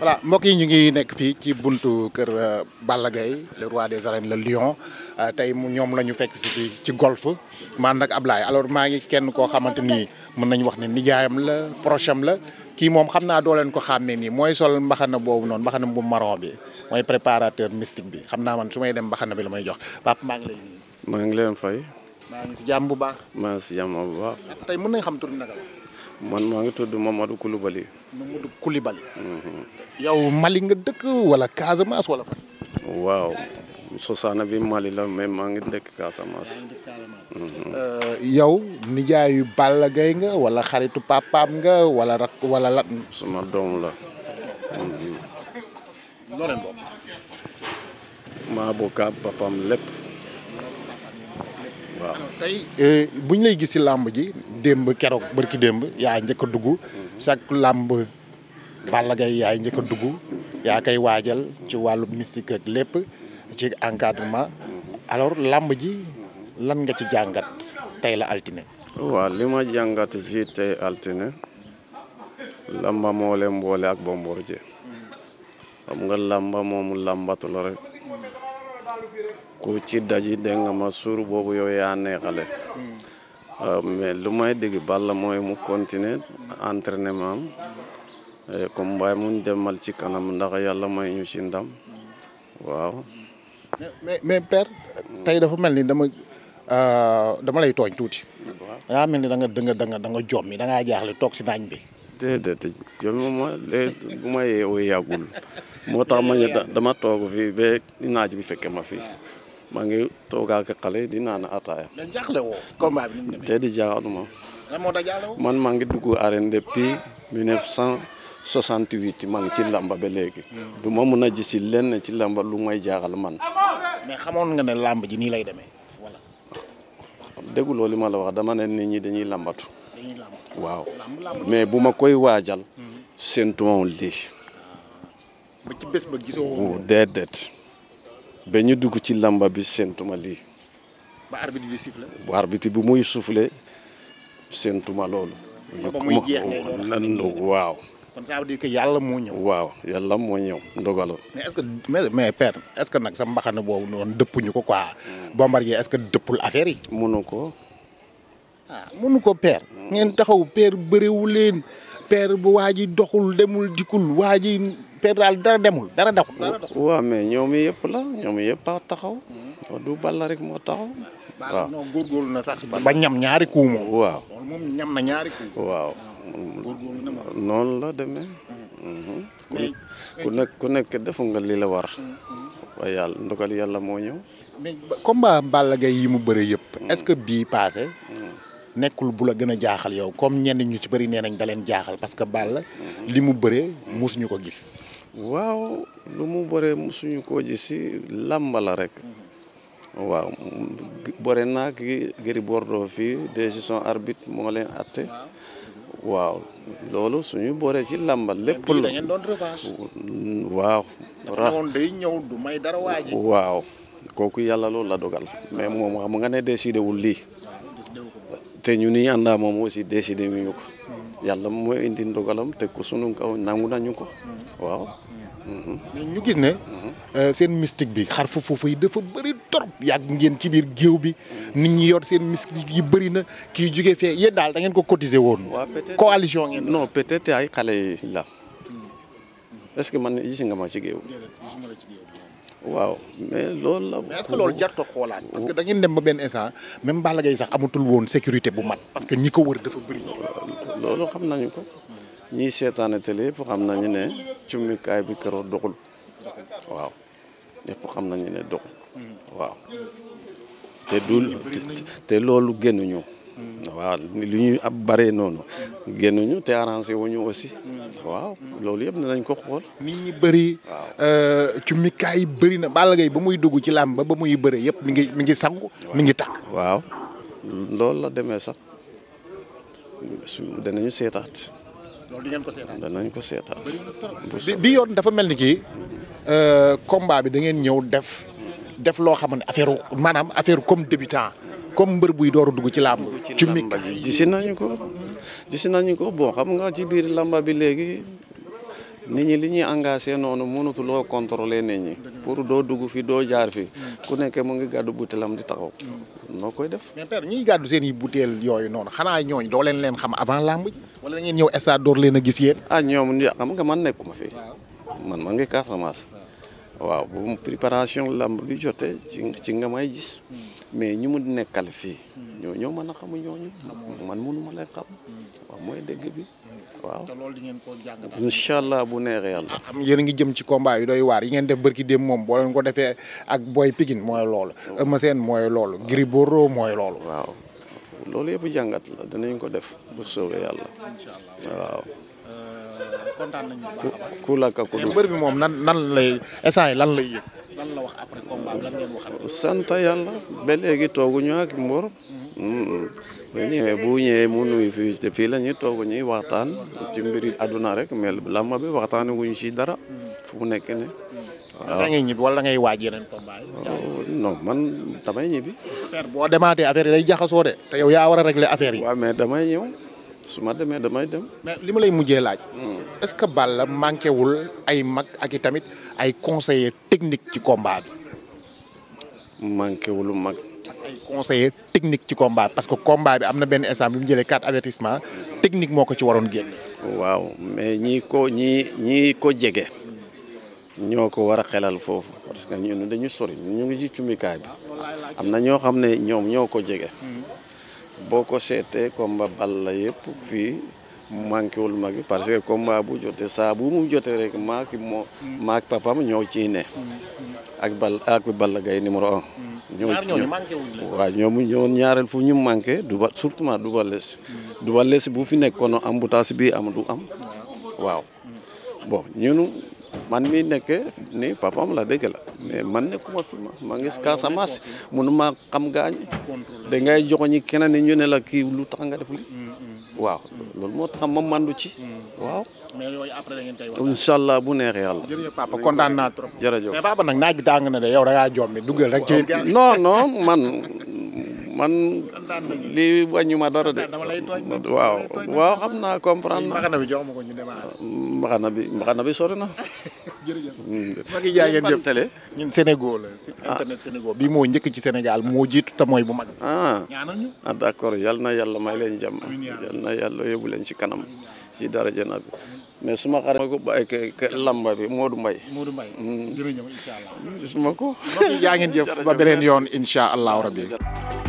voilà mbokk yi ñu ngi nekk fii ci buntu kër euh, Balla Gaye le roi des arènes la lion euh, tey mu ñoom la ñu fekk si ci golf man nag Ablaye alors maa ngi kenn koo xamante ni mën nañu wax ne nijaayam la proche am la kii moom xam naa doo leen ko xàmmee nii mooy sol mbaxana boobu noon mbaxana bu marron bi mooy préparateur mystique bi xam naa man su may dem mbaxana bi la mooy jox papa maa ngi lay nuyu. maa ngi leen fay. maa ngi si jàmm bu baax. si jàmm bu baax. tey mën nañ xam tur bi naka man maa ngi tudd Mamadou Koulibaly. Mamadou Koulibaly. Mhm. yow Mali nga dëkk wala Casamance wala fan. waaw sosaana bi Mali la mais maa ngi dëkk Casamance. Mhm. Euh, yow nijaayu Balla Gaye nga wala xaritu papaam nga wala wala lat. suma doom la. Mhm. maa bokk ak papaam lépp. waaw ah, tey eh, bu ñu lay gis si làmb ji démb keroog barki démb yaa njëkk a dugg mhm. chaque làmb Balla Gaye yaay njëkk a dugg yaa koy waajal ci wàllu mystique ak lépp ci encadrement mhm. alors làmb ji lan nga ci jàngat tey la altine waaw li jàngat ci tey altine lamba moo mboole boole ak Bombardier xam nga làmb moomu lambatu la rek ku ci daji dégg nga ma suur boobu yow yaa neexale euh, mais lu may dégg Balla mooy mu continuer entraînement am comme mbaay mun demal ci kanam ndax yàlla mooy ñu ci ndam waaw. mais mais père tey dafa mel ni dama euh, dama lay tooñ tuuti. waaw da mel ni da nga da nga da nga jommi da ngaa jaaxle toog si naañ bi. déedéet jooju ma léegi bu ma yeewoo yàggul moo tax ma dama toog fii ba naaj bi fekke ma fi maa ngi toog di naan ataaya. mais di woo ma bi ni mu demee. di jaaxaluma. lan moo tax jaaxle woo. man maa maa ngi ci lamba ba léegi. du ma mun a gis lenn ci lamba lu may jaaxal man. mais xamoon ne lamb ji nii lay demee wala. ma la wax dama ne nit ñi dañuy lambatu. waaw mais bu ma koy waajal seentumawoon lii ba ci bés ba gisoo déedéet ba ñu dugg ci lamba bi seentuma lii ba arbitre bi sifflé bu arbitre bi muy suufle seentuma loolu waaw kon ça veut dire yàlla moo ñëw. waaw yàlla moo ñëw ndogaloo. mais est-ce est-ce que nag sa mbaxane boobu dëpp ñu ko quoi. Hmm. Bombardier est-ce que dëppul affaire yi. mënu ko. ah ko peer ngeen taxaw peer bëriwu leen peer bu waa doxul demul dikkul waa ji peer daal dara demul dara doxul. waaw mais ñoom yëpp la ñoom yëpp a taxaw. moo taxaw. waaw non ba ñam ñaari coup moom. waaw moom na ñaari coup. waaw noonu la demee. Mm-hmm. ku nekk ku nga li la war. Mm-hmm. waaye yàlla ndogal yàlla moo ñëw. mais combat Balla Gaye yi mu bëri yëpp. est-ce que bii paase. nekkul bu la gën a jaaxal yow comme ñenn ñu ci bari nee nañ leen jaaxal parce que Balla li mu bëree musuñu ko gis. waaw lu mu bëree suñu ko gis si làmba la rek. waaw bëre naa ki Gris Bordeaux fii décision arbitre moo leen atte waaw loolu suñu boree ci làmba lépp la da waaw du may dara kooku yàlla loolu la dogal mais moom xam nga ne décidé lii te ñu ni àndaa moom aussi décidé ñu ko yàlla mooy indi ndogalam teg ko sunu kaw nangu nañu ko waaw. ñu gis ne euh, seen mystique bi xar fa foofu yi dafa bëri trop yàgg ngeen ci biir géew bi nit ñi yor seen mystique yi bëri na kii jugee fee yéen daal da ngeen ko cotiser woon. coalition ngeen non peut-être ay xale yi la est-ce que man gis nga ma ci géew. waaw mais loolu la. mais est loolu jarto xoolaat. parce que da ngeen dem ba benn instant même Balla Gaye sax amatul woon sécurité bu mat parce que ñi ko wër dafa bëri. loolu xam nañu ko ñiy seetaane tele yëpp xam nañu ne cummikaay bi keroog doxul waaw yëpp xam nañu ne doxul te du te loolu génnuñu. waaw lu ñuy ab bare noonu génnuñu te arrangé wuñu aussi waaw loolu yëpp dinañ ko xool nit ñi bëri euh, ci mikaay yi bëri na Balla Gaye ba muy dugg ci làmb ba muy bëre yëpp mi ngi mi ngi sangu mi ngi takk waaw loolu la demee sax danañu seetaat loolu di ngeen ko seetaat danañ ko seetaat. bi yoon dafa mel ni kii euh, combat bi da ngeen ñëw def def loo xam ne affaire maanaam affaire comme débutant. comme mbër buy door a dugg ci làmb ci mikk gis nañu ko gis nañu ko bon xam nga ci biir làmba bi léegi nit ñi li ñuy engagé noonu mënatuloo contrôler nit ñi pour doo dugg fi doo jaar fi ku nekk mu ngi gàddu butéelam di taxaw noo koy def mais ñiy gàddu seen i butéel yooyu noonu xanaa ñooñ doo leen leen xam avant làmb ji wala da ngeen door leen a gis yéen a ah, ñoom xam nga man nekkuma fi man ma ngi Casamance waaw bu préparation lamb bi jotee ci ci nga may gis mais ñu mu nekkal fii ñoo ñoo mën a xamu ñooñu man mënuma lay xam waaw mooy dégg bi waaw loolu di ngeen ko jàng incha allah bu neexee yàlla am yéen ngi jëm ci combat yu doy waar yi ngeen def bërki démb moom boo leen ko defee ak boy Pikine mooy loolu Eumeu seen mooy loolu Gris Bordeaux mooy loolu waaw loolu yëpp jàngat la danañ ko def bu soobee yàlla waaw kontaan nañu ku la ka moom nan nan lay instant lan lay yëg. lan la wax lan ngeen waxal. sant yàlla ba léegi tooguñu ak mbor. Mm-hmm. Mm-hmm. bu ñëwee bu ñëwee mu nuyu fii te fii la ñuy toog ñuy waxtaan mm-hmm. ci mbiri àdduna rek mais làmb bi waxtaanee wuñ ci dara. fu mu nekk ne. waaw da ngay ñibbi wala da ngay waaj yeneen combat oh, non man damay ñibbi. affaire boo demaatee affaire yi day jaxasoo de te yow yaa war a régler affaire yi. waaw damay ñëw. su ma demee damay dem. li ma lay mujjee laaj. est-ce que Balla manqué wul ay mag ak i tamit ay conseiller technique ci combat bi. manqué wul mag. ak technique ci combat parce que combat bi am na benn instant bi mu jëlee quatre avertissement technique moo ko ci waroon génn. waaw mais ñii ko ñii ñii ko jege. ñoo ko war a xelal foofu parce que ñun dañu sori ñu ngi ci cumikaay bi am na ñoo xam ne ñoom ñoo ko jege. boo ko seetee combat Balla yëpp fii manqué wul mag gi parce que combat bu jotee saabu mu jotee rek maa ki moo maa ak papam ñoo ciy ne ak bal ak Balla gay numéro un ñoo waaw ñoomu ñoon ñaareel fu ñu manqué du ba surtout du ba les du ba les bu fi nekkoon embouteillage bi am du am waaw bon ñunu man mii nekk ni papam la dëgg la mais man nekkuma fi ma maa ngi Casamance mënuma xam gaañi da ngay joxoñi keneen ni ñu ne la kii lu tax nga def li mm, mm. waaw loolu moo tax ma mandu ci mm. waaw mais yooyu après da ngeen koy wax allah bu neexee yàlla. jërëjëf papa kontaan naa trop. jërëjëf na de da ngaa jommi duggal rek. ci non non man man li wàññu ma de waaw waaw xam naa comprendre na mbaxana bi ñu démarrer mbaxana bi mbaxana bi sori na jërëjëf mm. ma ñun Sénégal ci ah. bi moo njëkk ci Sénégal moo jiitu te mooy bu mag ah ñaanal ah, d'accord yal na yàlla may leen jàmm yal na yàlla yóbbu leen ci kanam ci mais suma xarit ma ko bàyyi ke lamba bi mm. ma ko yaa ngeen jëf ba beneen yoon incha allahu rabbi